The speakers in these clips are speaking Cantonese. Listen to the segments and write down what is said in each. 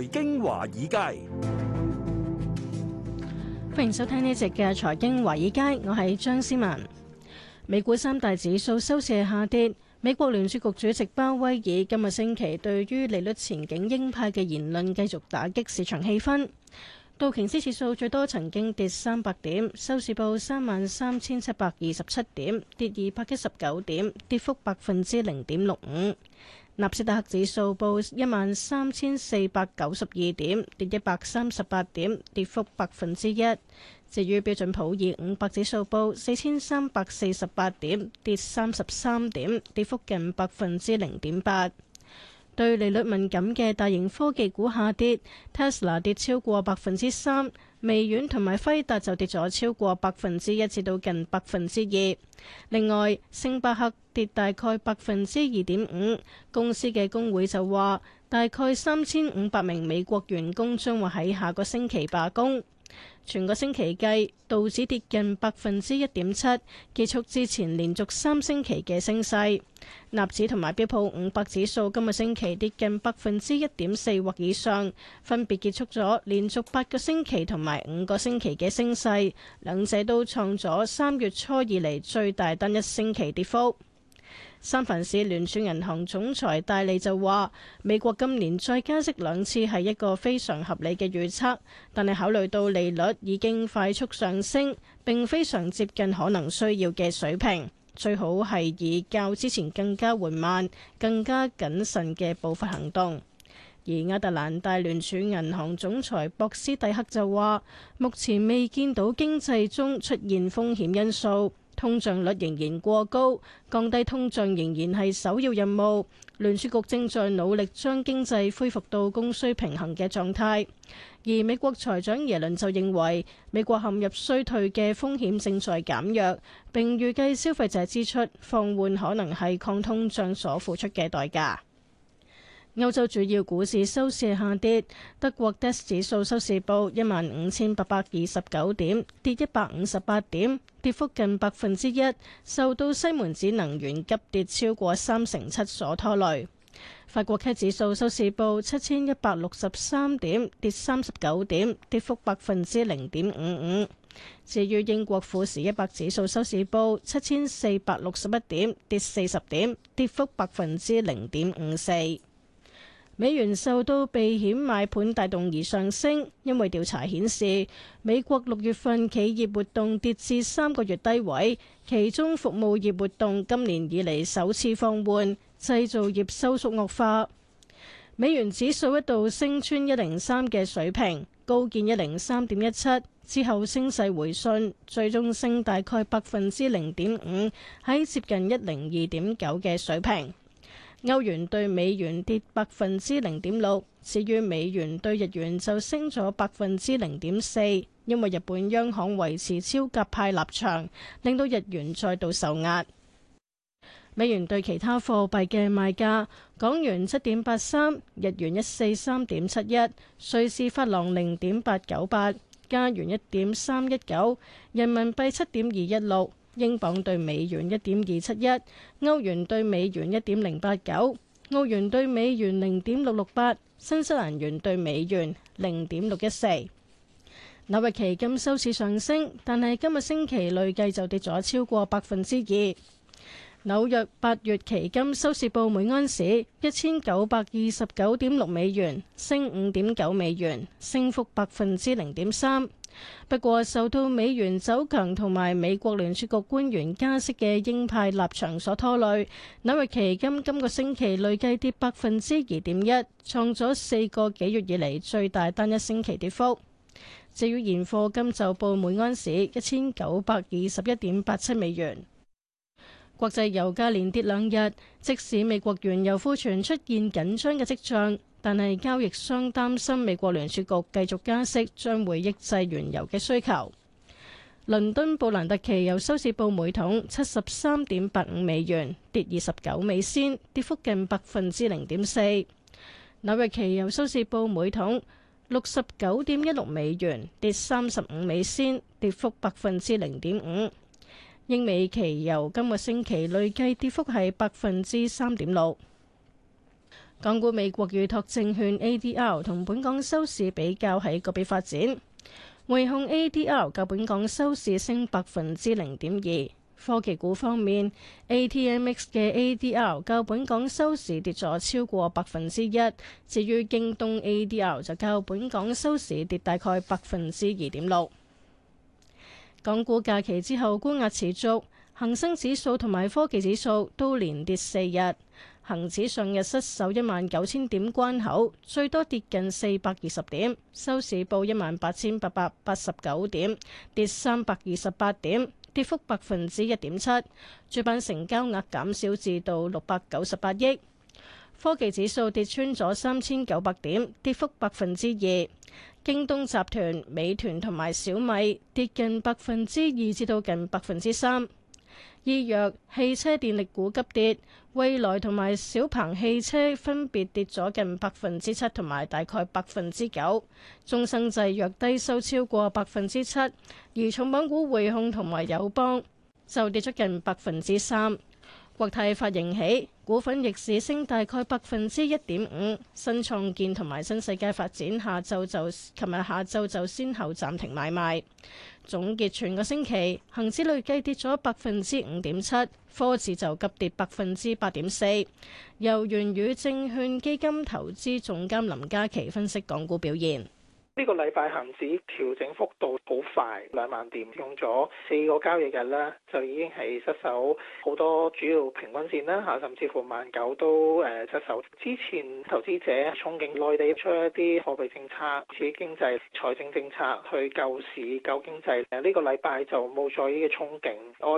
財經華爾街，歡迎收聽呢集嘅財經華爾街，我係張思文。美股三大指數收市下跌，美國聯儲局主席鮑威爾今個星期對於利率前景鷹派嘅言論繼續打擊市場氣氛。道瓊斯指數最多曾經跌三百點，收市報三萬三千七百二十七點，跌二百一十九點，跌幅百分之零點六五。納斯達克指數報一萬三千四百九十二點，跌一百三十八點，跌幅百分之一。至於標準普爾五百指數報四千三百四十八點，跌三十三點，跌幅近百分之零點八。對利率敏感嘅大型科技股下跌，Tesla 跌超過百分之三。微軟同埋輝達就跌咗超過百分之一至到近百分之二。另外，星巴克跌大概百分之二點五。公司嘅工會就話，大概三千五百名美國員工將會喺下個星期罷工。全個星期計，道指跌近百分之一點七，結束之前連續三星期嘅升勢。納指同埋標普五百指數今個星期跌近百分之一點四或以上，分別結束咗連續八個星期同埋五個星期嘅升勢，兩者都創咗三月初以嚟最大單一星期跌幅。三藩市聯儲銀行總裁戴利就話：美國今年再加息兩次係一個非常合理嘅預測，但係考慮到利率已經快速上升，並非常接近可能需要嘅水平，最好係以較之前更加緩慢、更加謹慎嘅步伐行動。而亞特蘭大聯儲銀行總裁博斯蒂克就話：目前未見到經濟中出現風險因素。通脹率仍然過高，降低通脹仍然係首要任務。聯儲局正在努力將經濟恢復到供需平衡嘅狀態。而美國財長耶倫就認為，美國陷入衰退嘅風險正在減弱，並預計消費者支出放緩可能係抗通脹所付出嘅代價。歐洲主要股市收市下跌，德國 DAX 指數收市報一萬五千八百二十九點，跌一百五十八點，跌幅近百分之一，受到西門子能源急跌超過三成七所拖累。法國 K 指數收市報七千一百六十三點，跌三十九點，跌幅百分之零點五五。至於英國富時一百指數收市報七千四百六十一點，跌四十點，跌幅百分之零點五四。美元受到避險買盤帶動而上升，因為調查顯示美國六月份企業活動跌至三個月低位，其中服務業活動今年以嚟首次放緩，製造業收縮惡化。美元指數一度升穿一零三嘅水平，高見一零三點一七，之後升勢回順，最終升大概百分之零點五，喺接近一零二點九嘅水平。歐元對美元跌百分之零點六，至於美元對日元就升咗百分之零點四，因為日本央行維持超鴿派立場，令到日元再度受壓。美元對其他貨幣嘅賣價：港元七點八三，日元一四三點七一，瑞士法郎零點八九八，加元一點三一九，人民幣七點二一六。英鎊兌美元一點二七一，歐元兌美元一點零八九，澳元兌美元零點六六八，新西蘭元兌美元零點六一四。紐約期金收市上升，但係今日星期累計就跌咗超過百分之二。紐約八月期金收市報每安士一千九百二十九點六美元，升五點九美元，升幅百分之零點三。不過，受到美元走強同埋美國聯儲局官員加息嘅鷹派立場所拖累，紐約期金今，今個星期累計跌百分之二點一，創咗四個幾月以嚟最大單一星期跌幅。至於現貨金就報每安士一千九百二十一點八七美元。國際油價連跌兩日，即使美國原油庫存出現緊張嘅跡象，但係交易商擔心美國聯儲局繼續加息，將會抑制原油嘅需求。倫敦布蘭特期油收市報每桶七十三點八五美元，跌二十九美仙，跌幅近百分之零點四。紐約期油收市報每桶六十九點一六美元，跌三十五美仙，跌幅百分之零點五。英美期油今個星期累計跌幅係百分之三點六。港股美國預託證券 ADR 同本港收市比較喺個別發展，匯控 ADR 較本港收市升百分之零點二。科技股方面，ATMX 嘅 ADR 較本港收市跌咗超過百分之一。至於京東 ADR 就較本港收市跌大概百分之二點六。港股假期之後，沽壓持續，恒生指數同埋科技指數都連跌四日。恒指上日失守一萬九千點關口，最多跌近四百二十點，收市報一萬八千八百八十九點，跌三百二十八點，跌幅百分之一點七。主板成交額減少至到六百九十八億。科技指數跌穿咗三千九百點，跌幅百分之二。京東集團、美團同埋小米跌近百分之二至到近百分之三。醫藥、汽車、電力股急跌，蔚來同埋小鵬汽車分別跌咗近百分之七同埋大概百分之九。中生製藥低收超過百分之七，而重磅股匯控同埋友邦就跌咗近百分之三。國泰發盈喜。股份逆市升，大概百分之一點五。新創建同埋新世界發展下晝就，琴日下晝就先後暫停買賣。總結全個星期，恒指累計跌咗百分之五點七，科指就急跌百分之八點四。由元宇證券基金投資總監林嘉琪分析港股表現。呢個禮拜恆指調整幅度好快，兩萬點用咗四個交易日咧，就已經係失守好多主要平均線啦嚇，甚至乎萬九都誒失守。之前投資者憧憬內地出一啲貨幣政策、刺激經濟、財政政策去救市、救經濟，誒、這、呢個禮拜就冇咗呢個憧憬。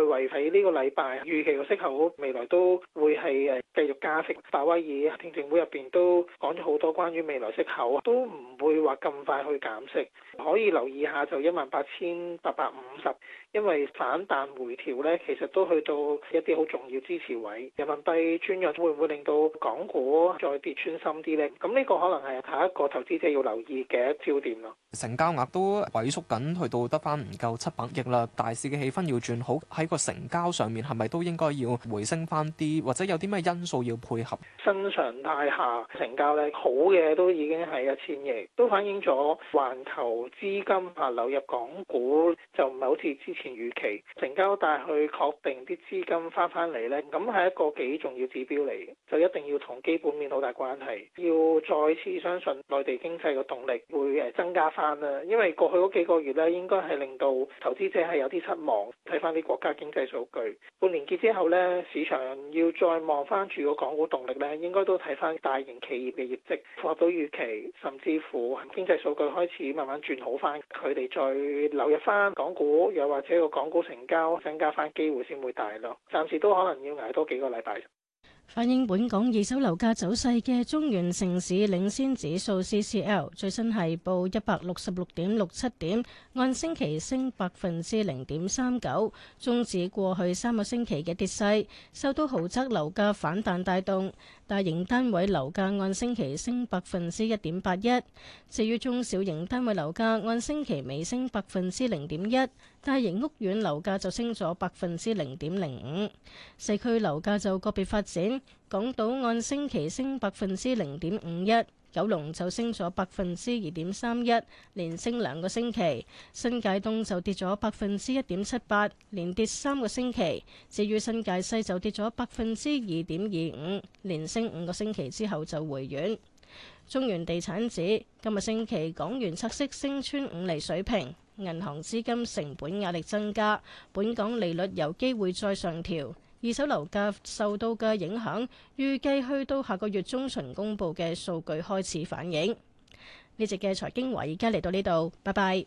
外圍喺呢個禮拜預期嘅息口未來都會係誒繼續加息。鮑威爾聽證會入邊都講咗好多關於未來息口，都唔會話咁快。去減息，可以留意下就一萬八千八百五十，因為反彈回調咧，其實都去到一啲好重要支持位。人民幣轉弱會唔會令到港股再跌穿深啲咧？咁呢個可能係下一個投資者要留意嘅焦點咯。成交額都萎縮緊，去到得翻唔夠七百億啦。大市嘅氣氛要轉好，喺個成交上面係咪都應該要回升翻啲？或者有啲咩因素要配合？新常態下成交咧，好嘅都已經係一千億，都反映咗。環球資金啊，流入港股就唔係好似之前預期，成交大去確定啲資金翻翻嚟呢，咁係一個幾重要指標嚟，就一定要同基本面好大關係。要再次相信內地經濟嘅動力會誒增加翻啦，因為過去嗰幾個月呢應該係令到投資者係有啲失望，睇翻啲國家經濟數據。半年結之後呢，市場要再望翻住個港股動力呢，應該都睇翻大型企業嘅業績符合到預期，甚至乎經濟數據。開始慢慢轉好返，佢哋再流入返港股，又或者個港股成交增加返，機會先會大咯。暫時都可能要捱多幾個禮拜。反映本港二手樓價走勢嘅中原城市領先指數 CCL 最新係報一百六十六點六七點，按星期升百分之零點三九，終止過去三個星期嘅跌勢，受到豪宅樓價反彈帶動。大型單位樓價按星期升百分之一點八一，至於中小型單位樓價按星期微升百分之零點一，大型屋苑樓價就升咗百分之零點零五，四區樓價就個別發展，港島按星期升百分之零點五一。九龍就升咗百分之二點三一，連升兩個星期；新界東就跌咗百分之一點七八，連跌三個星期。至於新界西就跌咗百分之二點二五，連升五個星期之後就回軟。中原地產指今日星期港元拆息升穿五厘水平，銀行資金成本壓力增加，本港利率有機會再上調。二手樓價受到嘅影響，預計去到下個月中旬公布嘅數據開始反映。呢隻嘅財經華，而家嚟到呢度，拜拜。